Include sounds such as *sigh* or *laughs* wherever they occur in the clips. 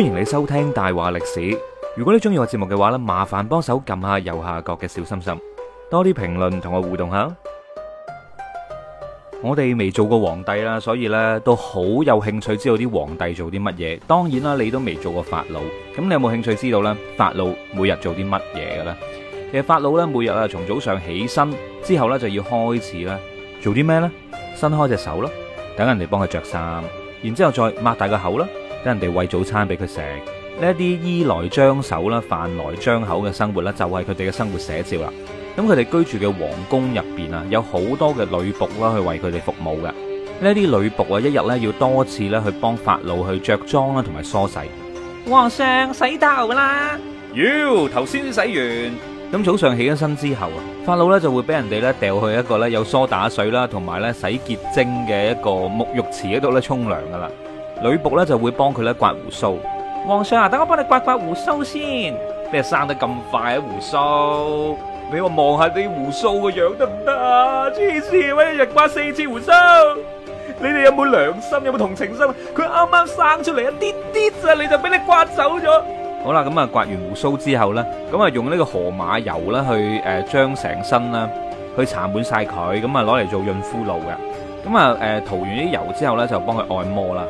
歡迎你收聽大話歷史。如果你中意我節目嘅話呢，麻煩幫手撳下右下角嘅小心心，多啲評論同我互動下。 *noise* 我哋未做過皇帝啦，所以呢都好有興趣知道啲皇帝做啲乜嘢。當然啦，你都未做過法老，咁你有冇興趣知道呢？法老每日做啲乜嘢嘅咧？其實法老呢，每日啊，從早上起身之後呢，就要開始咧做啲咩呢？伸開隻手啦，等人哋幫佢着衫，然之後再擘大個口啦。跟人哋餵早餐俾佢食，呢一啲衣來張手啦、飯來張口嘅生活呢就係佢哋嘅生活寫照啦。咁佢哋居住嘅皇宮入邊啊，有好多嘅女僕啦，去為佢哋服務嘅。呢啲女僕啊，一日呢要多次呢去幫法老去着裝啦，同埋梳洗。皇上洗頭啦！妖頭先洗完。咁早上起咗身之後啊，法老呢就會俾人哋呢掉去一個呢有梳打水啦，同埋呢洗潔精嘅一個沐浴池嗰度呢沖涼噶啦。女僕咧就會幫佢咧刮鬍鬚，皇上啊，等我幫你刮刮鬍鬚先。咩生得咁快啊鬍鬚？俾我望下你鬍鬚個樣得唔得啊？黐線，我一日刮四次鬍鬚。你哋有冇良心？有冇同情心？佢啱啱生出嚟一啲啲咋，你就俾你刮走咗。好啦，咁啊刮完鬍鬚之後咧，咁啊用呢個河馬油啦去誒、呃、將成身啦去搽滿晒佢，咁啊攞嚟做潤膚露嘅。咁啊誒塗完啲油之後咧就幫佢按摩啦。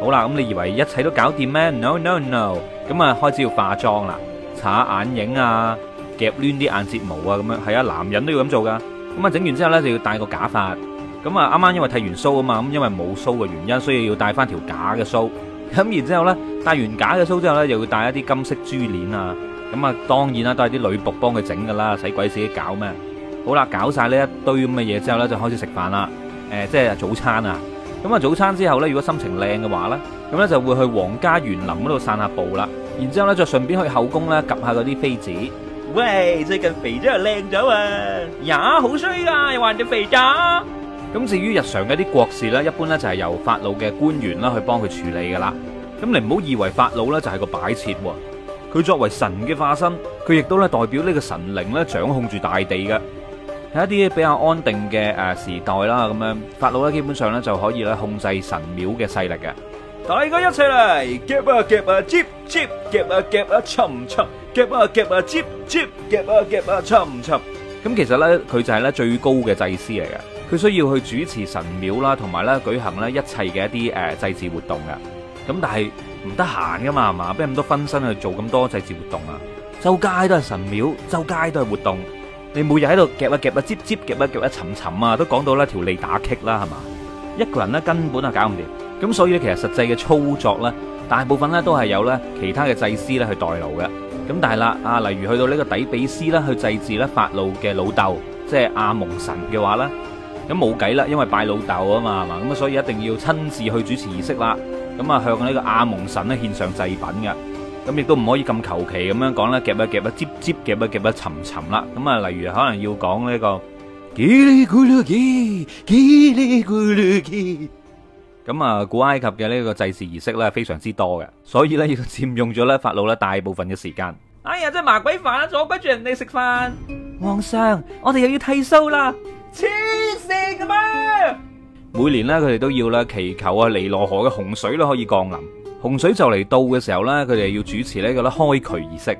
好啦，咁你以為一切都搞掂咩？No no no，咁啊開始要化妝啦，擦眼影啊，夾攣啲眼睫毛啊，咁樣係啊，男人都要咁做噶。咁啊整完之後呢，就要戴個假髮，咁啊啱啱因為剃完鬚啊嘛，咁因為冇鬚嘅原因，所以要戴翻條假嘅鬚。咁然之後呢，戴完假嘅鬚之後呢，又要戴一啲金色珠鏈啊。咁啊當然啦，都係啲女僕幫佢整噶啦，使鬼自己搞咩？好啦，搞晒呢一堆咁嘅嘢之後呢，就開始食飯啦。誒、呃，即係早餐啊。咁啊，早餐之後呢，如果心情靚嘅話呢，咁呢就會去皇家園林嗰度散下步啦。然之後呢，再順便去後宮呢，及下嗰啲妃子。喂，最近肥咗又靚咗啊！呀，yeah，好衰噶，又話人哋肥仔。咁至於日常嘅啲國事呢，一般呢就係由法老嘅官員啦去幫佢處理噶啦。咁你唔好以為法老呢就係個擺設，佢作為神嘅化身，佢亦都呢代表呢個神靈呢掌控住大地嘅。喺一啲比較安定嘅誒時代啦，咁樣法老咧基本上咧就可以咧控制神廟嘅勢力嘅。大家一齊嚟，夾啊夾啊，接接夾啊夾啊，沉沉夾啊夾啊，接接夾啊夾啊，沉沉。咁其實咧佢就係咧最高嘅祭司嚟嘅，佢需要去主持神廟啦，同埋咧舉行咧一切嘅一啲誒祭祀活動噶。咁但係唔得閒噶嘛，係嘛？邊咁多分身去做咁多祭祀活動啊？周街都係神廟，周街都係活動。你每日喺度夾一夾一接接夾一夾一沉沉啊，都講到啦，條脷打棘啦，係嘛？一個人咧根本啊搞唔掂，咁所以咧其實實際嘅操作咧，大部分咧都係有咧其他嘅祭司咧去代勞嘅。咁但係啦，啊例如去到呢個底比斯啦去祭祀咧法老嘅老豆，即係阿蒙神嘅話咧，咁冇計啦，因為拜老豆啊嘛，係嘛？咁啊所以一定要親自去主持儀式啦，咁啊向呢個阿蒙神咧獻上祭品嘅。咁亦都唔可以咁求其咁樣講啦，夾一夾一，接接夾一夾一，沉沉啦。咁啊，例如可能要講呢個，嘰里咕嚕嘰嘰里咕嚕嘰，咁啊，古埃及嘅呢個祭祀儀式咧，非常之多嘅，所以咧佔用咗咧法老咧大部分嘅時間。哎呀，真係麻鬼煩啊，阻住住人哋食飯。皇上，我哋又要剃鬚啦，黐線噶嘛？每年咧，佢哋都要咧祈求啊尼羅河嘅洪水咧可以降臨。洪水就嚟到嘅時候咧，佢哋要主持呢個咧開渠儀式。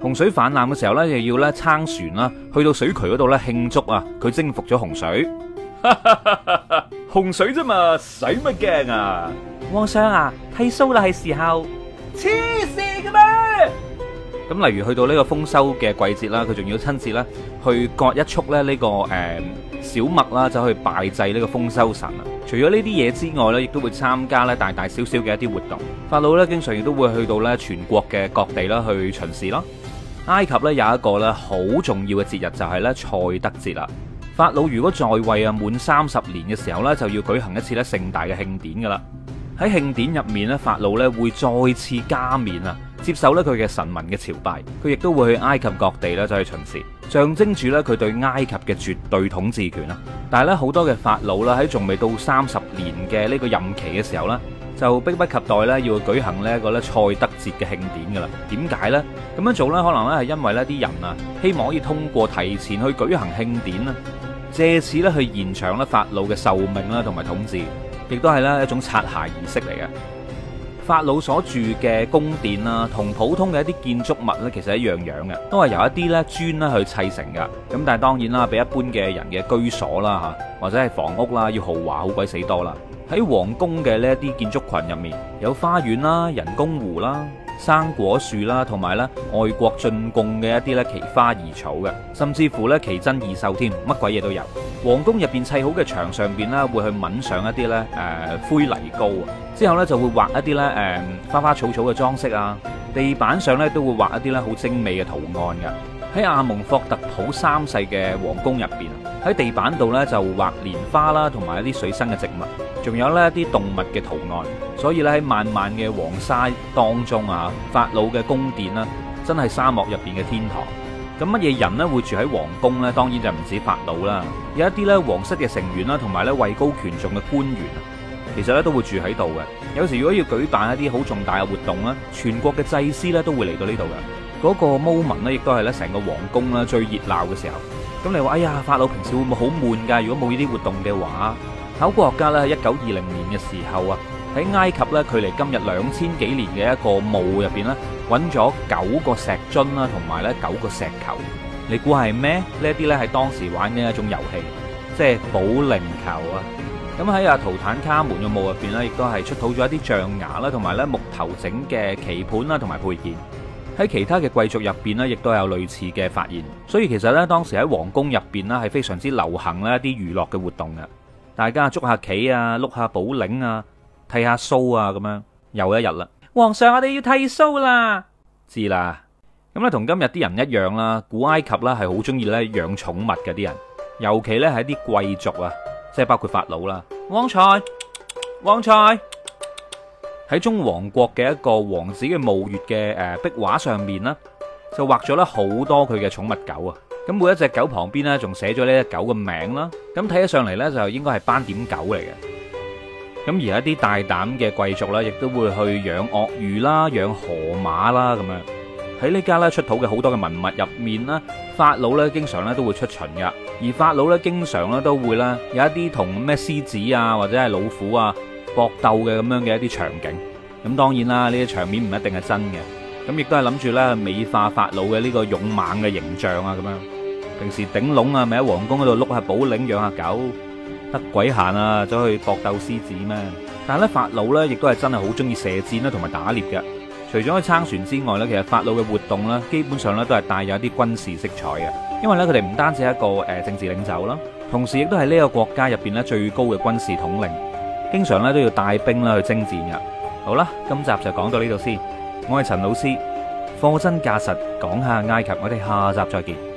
洪水泛濫嘅時候咧，又要咧撐船啦，去到水渠度咧慶祝啊，佢征服咗洪水。 *laughs* 洪水啫嘛，使乜驚啊？皇上啊，剃鬚啦係時候。黐線嘅咩？咁例如去到呢個豐收嘅季節啦，佢仲要親自咧去割一束咧、這、呢個、嗯、小麥，啦，就去拜祭呢個豐收神啊！除咗呢啲嘢之外呢，亦都會參加呢大大小小嘅一啲活動。法老呢經常亦都會去到呢全國嘅各地啦去巡視啦。埃及呢有一個呢好重要嘅節日就係呢賽德節啦。法老如果在位啊滿三十年嘅時候呢就要舉行一次呢盛大嘅慶典噶啦。喺慶典入面呢法老呢會再次加冕啊！接受咧佢嘅臣民嘅朝拜，佢亦都會去埃及各地咧就去巡視，象徵住咧佢對埃及嘅絕對統治權啦。但係咧好多嘅法老啦喺仲未到三十年嘅呢個任期嘅時候啦，就迫不及待咧要舉行呢一個咧賽德節嘅慶典噶啦。點解呢？咁樣做咧，可能咧係因為咧啲人啊，希望可以通過提前去舉行慶典啦，借此咧去延長咧法老嘅壽命啦，同埋統治，亦都係咧一種擦鞋儀式嚟嘅。法老所住嘅宮殿啦，同普通嘅一啲建築物呢，其實一樣樣嘅，都係由一啲呢磚呢去砌成噶。咁但係當然啦，比一般嘅人嘅居所啦，吓或者係房屋啦，要豪華好鬼死多啦。喺皇宮嘅呢啲建築群入面，有花園啦，人工湖啦。生果樹啦，同埋咧外國進貢嘅一啲咧奇花異草嘅，甚至乎咧奇珍異獸添，乜鬼嘢都有。皇宮入邊砌好嘅牆上邊咧，會去抆上一啲咧誒灰泥膏，之後咧就會畫一啲咧誒花花草草嘅裝飾啊。地板上咧都會畫一啲咧好精美嘅圖案嘅。喺阿蒙霍特普三世嘅皇宮入邊，喺地板度咧就畫蓮花啦，同埋一啲水生嘅植物，仲有呢一啲動物嘅圖案。所以咧喺漫漫嘅黃沙當中啊，法老嘅宮殿啦，真係沙漠入邊嘅天堂。咁乜嘢人呢會住喺皇宮呢？當然就唔止法老啦，有一啲咧皇室嘅成員啦，同埋咧位高權重嘅官員。其實咧都會住喺度嘅，有時如果要舉辦一啲好重大嘅活動咧，全國嘅祭司咧都會嚟到呢度嘅。嗰個 moment 呢亦都係咧成個皇宮啦最熱鬧嘅時候。咁你話哎呀，法老平時會唔會好悶噶？如果冇呢啲活動嘅話，考古學家咧喺一九二零年嘅時候啊，喺埃及咧，距離今日兩千幾年嘅一個墓入邊咧，揾咗九個石樽啦，同埋咧九個石球。你估係咩？呢一啲咧係當時玩嘅一種遊戲，即係保齡球啊！咁喺阿圖坦卡門嘅墓入邊咧，亦都係出土咗一啲象牙啦，同埋咧木頭整嘅棋盤啦，同埋配件。喺其他嘅貴族入邊呢，亦都有類似嘅發現。所以其實呢當時喺皇宮入邊呢係非常之流行咧一啲娛樂嘅活動嘅。大家捉下棋啊，碌下保齡啊，剃下鬚啊，咁樣又一日啦。皇上，我哋要剃鬚啦。知啦。咁咧同今日啲人一樣啦。古埃及呢，係好中意咧養寵物嘅啲人，尤其咧係啲貴族啊。即係包括法老啦，旺財，旺財喺中王國嘅一個王子嘅墓穴嘅誒壁畫上面呢就畫咗咧好多佢嘅寵物狗啊，咁每一隻狗旁邊呢，仲寫咗呢隻狗嘅名啦，咁睇起上嚟呢，就應該係斑點狗嚟嘅。咁而一啲大膽嘅貴族呢，亦都會去養鱷魚啦、養河馬啦咁樣。喺呢家呢出土嘅好多嘅文物入面呢，法老呢經常呢都會出巡㗎。而法老咧，經常咧都會啦有一啲同咩獅子啊或者係老虎啊搏鬥嘅咁樣嘅一啲場景。咁當然啦，呢啲場面唔一定係真嘅。咁亦都係諗住咧美化法老嘅呢個勇猛嘅形象啊咁樣。平時頂籠啊，咪喺皇宮嗰度碌下保齡、養下狗，得鬼閒啊走去搏鬥獅子咩？但係咧，法老咧亦都係真係好中意射箭啦同埋打獵嘅。除咗去撐船之外咧，其實法老嘅活動咧，基本上咧都係帶有一啲軍事色彩嘅，因為咧佢哋唔單止係一個誒政治領袖啦，同時亦都係呢個國家入邊咧最高嘅軍事統領，經常咧都要帶兵咧去征戰嘅。好啦，今集就講到呢度先，我係陳老師，貨真價實講下埃及，我哋下集再見。